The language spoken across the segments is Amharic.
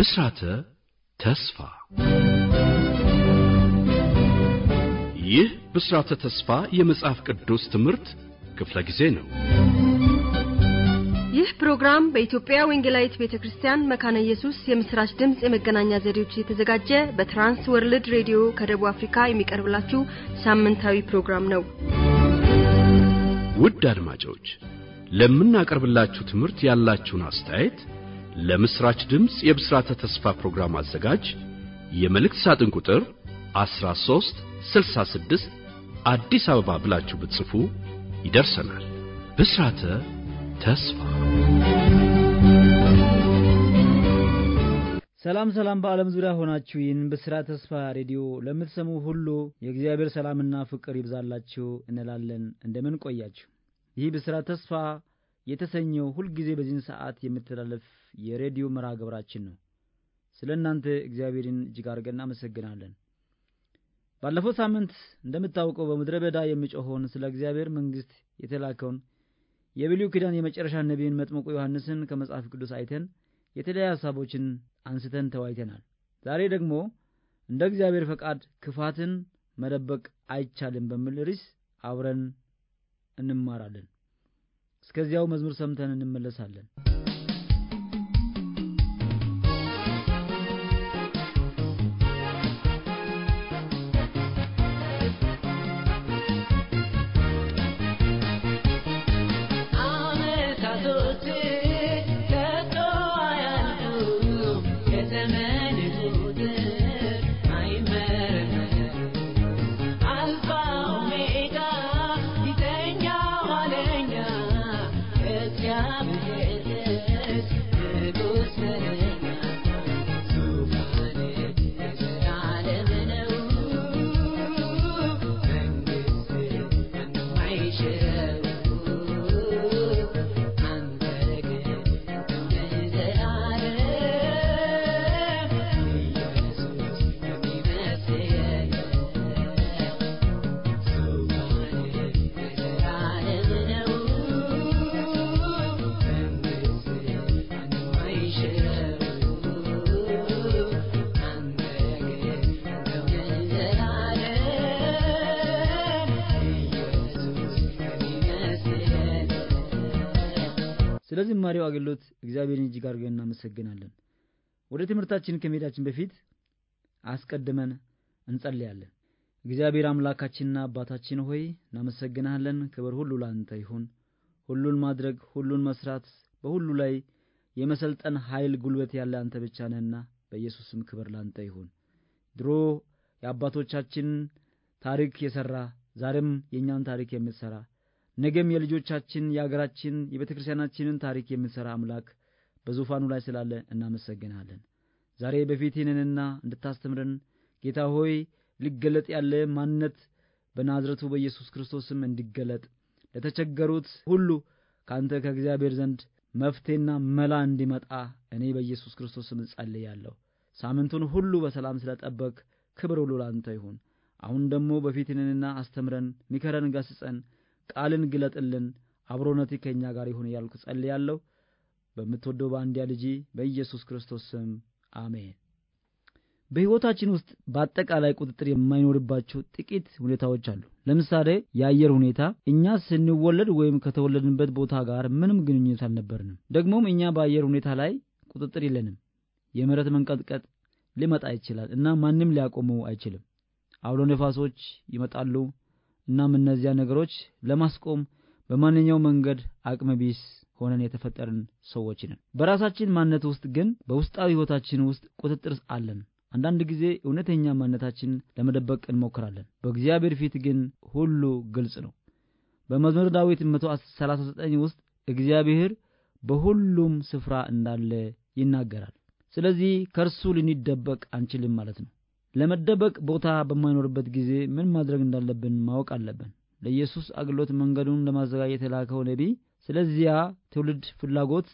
ብስራተ ተስፋ ይህ ብስራተ ተስፋ የመጽሐፍ ቅዱስ ትምህርት ክፍለ ጊዜ ነው። ይህ ፕሮግራም በኢትዮጵያ ወንጌላዊት ቤተ ክርስቲያን መካነ ኢየሱስ የምስራች ድምፅ የመገናኛ ዘዴዎች የተዘጋጀ በትራንስ ወርልድ ሬዲዮ ከደቡብ አፍሪካ የሚቀርብላችሁ ሳምንታዊ ፕሮግራም ነው። ውድ አድማጮች ለምናቀርብላችሁ ትምህርት ያላችሁን አስተያየት ለምስራች ድምፅ የብስራተ ተስፋ ፕሮግራም አዘጋጅ የመልእክት ሳጥን ቁጥር 13 66 አዲስ አበባ ብላችሁ ብትጽፉ ይደርሰናል። ብስራተ ተስፋ። ሰላም ሰላም! በዓለም ዙሪያ ሆናችሁ ይህን ብስራተ ተስፋ ሬዲዮ ለምትሰሙ ሁሉ የእግዚአብሔር ሰላምና ፍቅር ይብዛላችሁ እንላለን። እንደምን ቆያችሁ? ይህ ብስራ ተስፋ የተሰኘው ሁልጊዜ በዚህን ሰዓት የምትላለፍ የሬዲዮ መርሃ ግብራችን ነው። ስለ እናንተ እግዚአብሔርን እጅግ አድርገን እናመሰግናለን። ባለፈው ሳምንት እንደምታውቀው በምድረ በዳ የሚጮኸውን ስለ እግዚአብሔር መንግሥት የተላከውን የብሉይ ኪዳን የመጨረሻ ነቢይን መጥመቁ ዮሐንስን ከመጽሐፍ ቅዱስ አይተን የተለያዩ ሀሳቦችን አንስተን ተዋይተናል። ዛሬ ደግሞ እንደ እግዚአብሔር ፈቃድ ክፋትን መደበቅ አይቻልም በሚል ርዕስ አብረን እንማራለን። እስከዚያው መዝሙር ሰምተን እንመለሳለን። ለተማሪው አገልግሎት እግዚአብሔርን እጅግ አድርገን እናመሰግናለን። ወደ ትምህርታችን ከመሄዳችን በፊት አስቀድመን እንጸልያለን። እግዚአብሔር አምላካችንና አባታችን ሆይ እናመሰግናለን። ክብር ሁሉ ላንተ ይሁን። ሁሉን ማድረግ፣ ሁሉን መስራት፣ በሁሉ ላይ የመሰልጠን ኃይል ጉልበት ያለ አንተ ብቻ ነህና በኢየሱስም ክብር ላንተ ይሁን። ድሮ የአባቶቻችን ታሪክ የሠራ ዛሬም የእኛን ታሪክ የምትሠራ ነገም የልጆቻችን የአገራችን የቤተ ክርስቲያናችንን ታሪክ የምንሠራ አምላክ በዙፋኑ ላይ ስላለ እናመሰግናለን። ዛሬ በፊትህንና እንድታስተምረን ጌታ ሆይ ሊገለጥ ያለ ማንነት በናዝረቱ በኢየሱስ ክርስቶስም እንዲገለጥ ለተቸገሩት ሁሉ ከአንተ ከእግዚአብሔር ዘንድ መፍትሄና መላ እንዲመጣ እኔ በኢየሱስ ክርስቶስም እጸልያለሁ። ሳምንቱን ሁሉ በሰላም ስለጠበቅ ክብር ሁሉ ላንተ ይሁን። አሁን ደግሞ በፊትንንና አስተምረን፣ ኒከረን ገስጸን ቃልን ግለጥልን፣ አብሮነት ከኛ ጋር ይሁን እያልኩ ጸልያለሁ። በምትወደው በአንድያ ልጅ በኢየሱስ ክርስቶስ ስም አሜን። በሕይወታችን ውስጥ በአጠቃላይ ቁጥጥር የማይኖርባቸው ጥቂት ሁኔታዎች አሉ። ለምሳሌ የአየር ሁኔታ። እኛ ስንወለድ ወይም ከተወለድንበት ቦታ ጋር ምንም ግንኙነት አልነበርንም። ደግሞም እኛ በአየር ሁኔታ ላይ ቁጥጥር የለንም። የመሬት መንቀጥቀጥ ሊመጣ ይችላል እና ማንም ሊያቆመው አይችልም። አውሎ ነፋሶች ይመጣሉ። እናም እነዚያ ነገሮች ለማስቆም በማንኛው መንገድ አቅመቢስ ቢስ ሆነን የተፈጠርን ሰዎች ነን። በራሳችን ማነት ውስጥ ግን በውስጣዊ ህይወታችን ውስጥ ቁጥጥር አለን። አንዳንድ ጊዜ እውነተኛ ማነታችን ለመደበቅ እንሞክራለን። በእግዚአብሔር ፊት ግን ሁሉ ግልጽ ነው። በመዝሙር ዳዊት 139 ውስጥ እግዚአብሔር በሁሉም ስፍራ እንዳለ ይናገራል። ስለዚህ ከእርሱ ልንደበቅ አንችልም ማለት ነው። ለመደበቅ ቦታ በማይኖርበት ጊዜ ምን ማድረግ እንዳለብን ማወቅ አለብን። ለኢየሱስ አገልግሎት መንገዱን ለማዘጋጀት የተላከው ነቢይ ስለዚያ ትውልድ ፍላጎት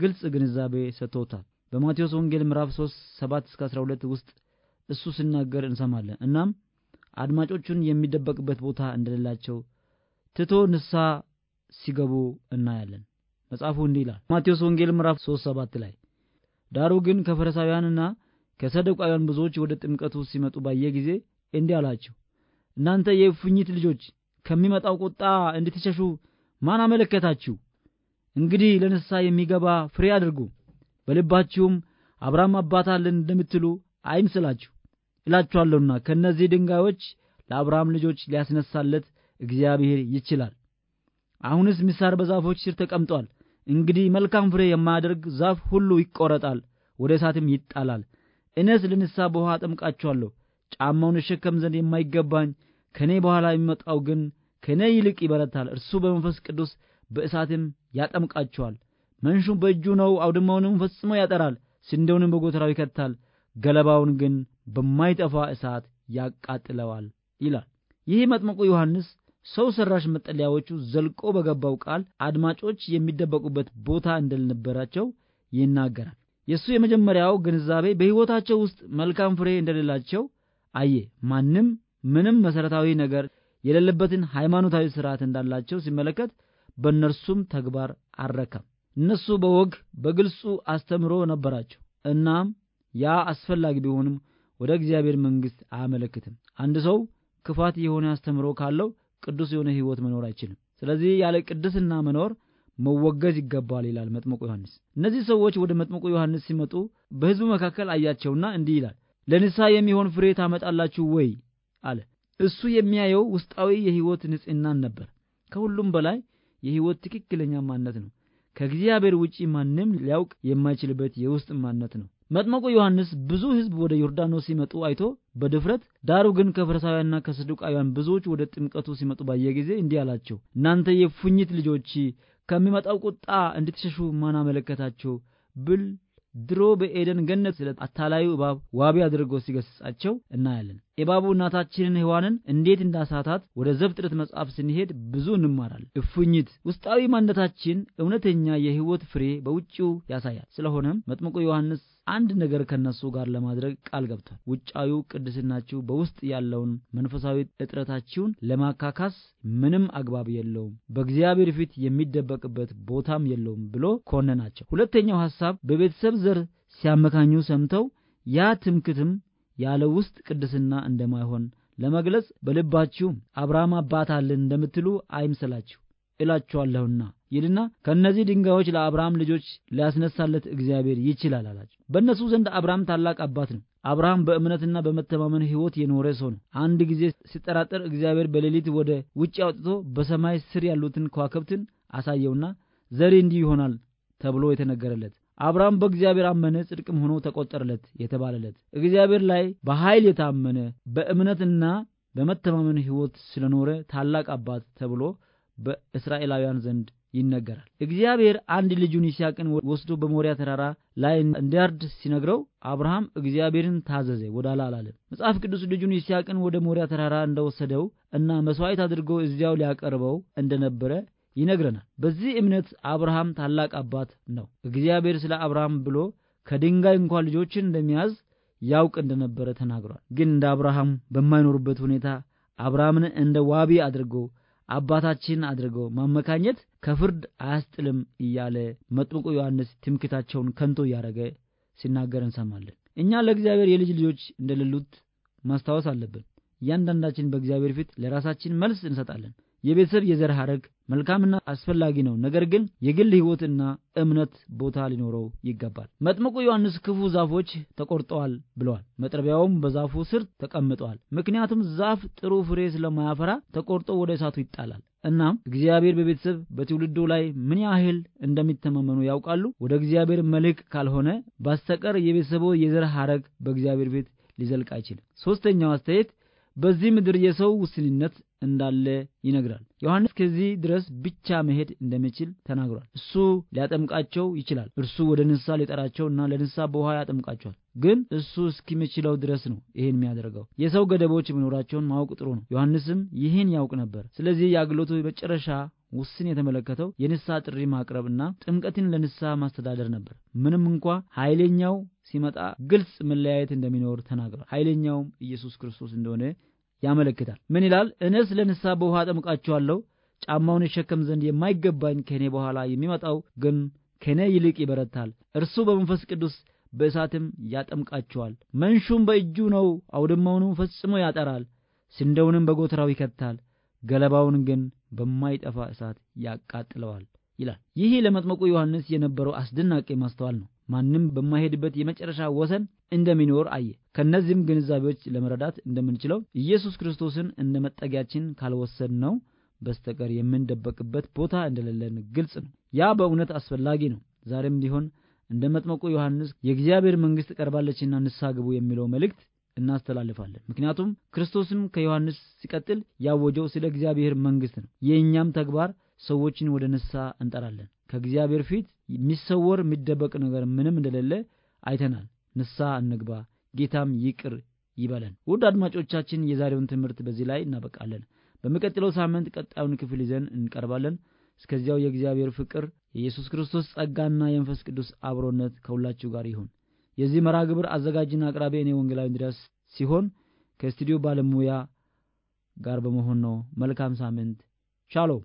ግልጽ ግንዛቤ ሰጥቶታል። በማቴዎስ ወንጌል ምዕራፍ 3 7 እስከ 12 ውስጥ እሱ ሲናገር እንሰማለን። እናም አድማጮቹን የሚደበቅበት ቦታ እንደሌላቸው ትቶ ንሳ ሲገቡ እናያለን። መጽሐፉ እንዲህ ይላል ማቴዎስ ወንጌል ምዕራፍ 3 7 ላይ ዳሩ ግን ከፈሪሳውያንና ከሰደቃውያን ብዙዎች ወደ ጥምቀቱ ሲመጡ ባየ ጊዜ እንዲህ አላቸው፣ እናንተ የፍኝት ልጆች ከሚመጣው ቁጣ እንድትሸሹ ማን አመለከታችሁ? እንግዲህ ለንስሐ የሚገባ ፍሬ አድርጉ። በልባችሁም አብርሃም አባት እንደምትሉ አይምስላችሁ። እላችኋለሁና ከእነዚህ ድንጋዮች ለአብርሃም ልጆች ሊያስነሳለት እግዚአብሔር ይችላል። አሁንስ ምሳር በዛፎች ስር ተቀምጧል። እንግዲህ መልካም ፍሬ የማያደርግ ዛፍ ሁሉ ይቆረጣል፣ ወደ እሳትም ይጣላል። እኔስ ልንሳ በውሃ አጠምቃችኋለሁ። ጫማውን እሸከም ዘንድ የማይገባኝ ከእኔ በኋላ የሚመጣው ግን ከእኔ ይልቅ ይበረታል። እርሱ በመንፈስ ቅዱስ በእሳትም ያጠምቃችኋል። መንሹም በእጁ ነው፣ አውድማውንም ፈጽሞ ያጠራል፣ ስንዴውንም በጎተራው ይከታል፣ ገለባውን ግን በማይጠፋ እሳት ያቃጥለዋል ይላል። ይህ መጥምቁ ዮሐንስ ሰው ሰራሽ መጠለያዎቹ ዘልቆ በገባው ቃል አድማጮች የሚደበቁበት ቦታ እንደልነበራቸው ይናገራል። የእሱ የመጀመሪያው ግንዛቤ በሕይወታቸው ውስጥ መልካም ፍሬ እንደሌላቸው አየ። ማንም ምንም መሰረታዊ ነገር የሌለበትን ሃይማኖታዊ ስርዓት እንዳላቸው ሲመለከት በእነርሱም ተግባር አረካም። እነሱ በወግ በግልጹ አስተምሮ ነበራቸው። እናም ያ አስፈላጊ ቢሆንም ወደ እግዚአብሔር መንግሥት አያመለክትም። አንድ ሰው ክፋት የሆነ አስተምሮ ካለው ቅዱስ የሆነ ሕይወት መኖር አይችልም። ስለዚህ ያለ ቅድስና መኖር መወገዝ ይገባል ይላል መጥመቁ ዮሐንስ። እነዚህ ሰዎች ወደ መጥመቁ ዮሐንስ ሲመጡ በሕዝቡ መካከል አያቸውና እንዲህ ይላል፣ ለንስሐ የሚሆን ፍሬ ታመጣላችሁ ወይ አለ። እሱ የሚያየው ውስጣዊ የሕይወት ንጽሕናን ነበር። ከሁሉም በላይ የሕይወት ትክክለኛ ማንነት ነው። ከእግዚአብሔር ውጪ ማንም ሊያውቅ የማይችልበት የውስጥ ማንነት ነው። መጥመቁ ዮሐንስ ብዙ ሕዝብ ወደ ዮርዳኖስ ሲመጡ አይቶ በድፍረት ዳሩ ግን ከፈሪሳውያንና ከሰዱቃውያን ብዙዎች ወደ ጥምቀቱ ሲመጡ ባየ ጊዜ እንዲህ አላቸው፣ እናንተ የፉኝት ልጆች ከሚመጣው ቁጣ እንድትሸሹ ማን አመለከታችሁ ብል ድሮ በኤደን ገነት ስለ አታላዩ እባብ ዋቢ አድርጎ ሲገስጻቸው እናያለን። እባቡ እናታችንን ሔዋንን እንዴት እንዳሳታት ወደ ዘፍጥረት መጽሐፍ ስንሄድ ብዙ እንማራል። እፉኝት ውስጣዊ ማንነታችን እውነተኛ የሕይወት ፍሬ በውጭው ያሳያል። ስለሆነም መጥምቁ ዮሐንስ አንድ ነገር ከነሱ ጋር ለማድረግ ቃል ገብቷል። ውጫዩ ቅድስናችሁ በውስጥ ያለውን መንፈሳዊ እጥረታችሁን ለማካካስ ምንም አግባብ የለውም፣ በእግዚአብሔር ፊት የሚደበቅበት ቦታም የለውም ብሎ ኮነናቸው። ሁለተኛው ሐሳብ በቤተሰብ ዘር ሲያመካኙ ሰምተው ያ ትምክትም ያለ ውስጥ ቅድስና እንደማይሆን ለመግለጽ በልባችሁም አብርሃም አባት አለን እንደምትሉ አይምሰላችሁ። እላችኋለሁና ይልና ከእነዚህ ድንጋዮች ለአብርሃም ልጆች ሊያስነሳለት እግዚአብሔር ይችላል አላቸው። በእነሱ ዘንድ አብርሃም ታላቅ አባት ነው። አብርሃም በእምነትና በመተማመን ሕይወት የኖረ ሰው ነው። አንድ ጊዜ ሲጠራጠር እግዚአብሔር በሌሊት ወደ ውጭ አውጥቶ በሰማይ ስር ያሉትን ከዋክብትን አሳየውና ዘሬ እንዲህ ይሆናል ተብሎ የተነገረለት አብርሃም በእግዚአብሔር አመነ፣ ጽድቅም ሆኖ ተቆጠረለት የተባለለት እግዚአብሔር ላይ በኃይል የታመነ በእምነትና በመተማመን ሕይወት ስለኖረ ታላቅ አባት ተብሎ በእስራኤላውያን ዘንድ ይነገራል። እግዚአብሔር አንድ ልጁን ይስሐቅን ወስዶ በሞሪያ ተራራ ላይ እንዲያርድ ሲነግረው አብርሃም እግዚአብሔርን ታዘዘ፣ ወዳላ አላለም። መጽሐፍ ቅዱስ ልጁን ይስሐቅን ወደ ሞሪያ ተራራ እንደወሰደው እና መስዋዕት አድርጎ እዚያው ሊያቀርበው እንደነበረ ይነግረናል። በዚህ እምነት አብርሃም ታላቅ አባት ነው። እግዚአብሔር ስለ አብርሃም ብሎ ከድንጋይ እንኳን ልጆችን እንደሚያዝ ያውቅ እንደነበረ ተናግሯል። ግን እንደ አብርሃም በማይኖርበት ሁኔታ አብርሃምን እንደ ዋቢ አድርጎ አባታችን አድርገው ማመካኘት ከፍርድ አያስጥልም እያለ መጥምቁ ዮሐንስ ትምክታቸውን ከንቶ እያደረገ ሲናገር እንሰማለን። እኛ ለእግዚአብሔር የልጅ ልጆች እንደሌሉት ማስታወስ አለብን። እያንዳንዳችን በእግዚአብሔር ፊት ለራሳችን መልስ እንሰጣለን። የቤተሰብ የዘር ሐረግ መልካምና አስፈላጊ ነው። ነገር ግን የግል ሕይወትና እምነት ቦታ ሊኖረው ይገባል። መጥምቁ ዮሐንስ ክፉ ዛፎች ተቆርጠዋል ብለዋል። መጥረቢያውም በዛፉ ስር ተቀምጠዋል። ምክንያቱም ዛፍ ጥሩ ፍሬ ስለማያፈራ ተቆርጦ ወደ እሳቱ ይጣላል። እናም እግዚአብሔር በቤተሰብ በትውልዱ ላይ ምን ያህል እንደሚተማመኑ ያውቃሉ። ወደ እግዚአብሔር መልክ ካልሆነ በስተቀር የቤተሰቡ የዘር ሐረግ በእግዚአብሔር ቤት ሊዘልቅ አይችልም። ሦስተኛው አስተያየት በዚህ ምድር የሰው ውስንነት እንዳለ ይነግራል። ዮሐንስ ከዚህ ድረስ ብቻ መሄድ እንደሚችል ተናግሯል። እሱ ሊያጠምቃቸው ይችላል። እርሱ ወደ ሊጠራቸው ሊጠራቸውና ለንሳ በውሃ ያጠምቃቸዋል። ግን እሱ እስኪምችለው ድረስ ነው ይህን የሚያደርገው። የሰው ገደቦች መኖራቸውን ማወቅ ጥሩ ነው። ዮሐንስም ይህን ያውቅ ነበር። ስለዚህ የአገልግሎቱ መጨረሻ ውስን የተመለከተው የንሳ ጥሪ ማቅረብና ጥምቀትን ለንሳ ማስተዳደር ነበር። ምንም እንኳ ኃይለኛው ሲመጣ ግልጽ መለያየት እንደሚኖር ተናግሯል። ኃይለኛውም ኢየሱስ ክርስቶስ እንደሆነ ያመለክታል። ምን ይላል? እኔስ ለንስሐ በውሃ አጠምቃችኋለሁ፣ ጫማውን ይሸከም ዘንድ የማይገባኝ ከእኔ በኋላ የሚመጣው ግን ከእኔ ይልቅ ይበረታል፣ እርሱ በመንፈስ ቅዱስ በእሳትም ያጠምቃችኋል። መንሹም በእጁ ነው፣ አውድማውንም ፈጽሞ ያጠራል፣ ስንደውንም በጎተራው ይከታል፣ ገለባውን ግን በማይጠፋ እሳት ያቃጥለዋል ይላል። ይህ ለመጥመቁ ዮሐንስ የነበረው አስደናቂ ማስተዋል ነው። ማንም በማይሄድበት የመጨረሻ ወሰን እንደሚኖር አየ። ከእነዚህም ግንዛቤዎች ለመረዳት እንደምንችለው ኢየሱስ ክርስቶስን እንደ መጠጊያችን ካልወሰድ ነው በስተቀር የምንደበቅበት ቦታ እንደሌለን ግልጽ ነው። ያ በእውነት አስፈላጊ ነው። ዛሬም ቢሆን እንደ መጥመቁ ዮሐንስ የእግዚአብሔር መንግሥት ቀርባለችና ንስሐ ግቡ የሚለው መልእክት እናስተላልፋለን። ምክንያቱም ክርስቶስም ከዮሐንስ ሲቀጥል ያወጀው ስለ እግዚአብሔር መንግሥት ነው። የእኛም ተግባር ሰዎችን ወደ ንሳ እንጠራለን። ከእግዚአብሔር ፊት የሚሰወር የሚደበቅ ነገር ምንም እንደሌለ አይተናል። ንሳ እንግባ፣ ጌታም ይቅር ይበለን። ውድ አድማጮቻችን የዛሬውን ትምህርት በዚህ ላይ እናበቃለን። በሚቀጥለው ሳምንት ቀጣዩን ክፍል ይዘን እንቀርባለን። እስከዚያው የእግዚአብሔር ፍቅር፣ የኢየሱስ ክርስቶስ ጸጋና የመንፈስ ቅዱስ አብሮነት ከሁላችሁ ጋር ይሁን። የዚህ መራ ግብር አዘጋጅና አቅራቢ እኔ ወንጌላዊ እንድርያስ ሲሆን ከስቱዲዮ ባለሙያ ጋር በመሆን ነው። መልካም ሳምንት ሻሎም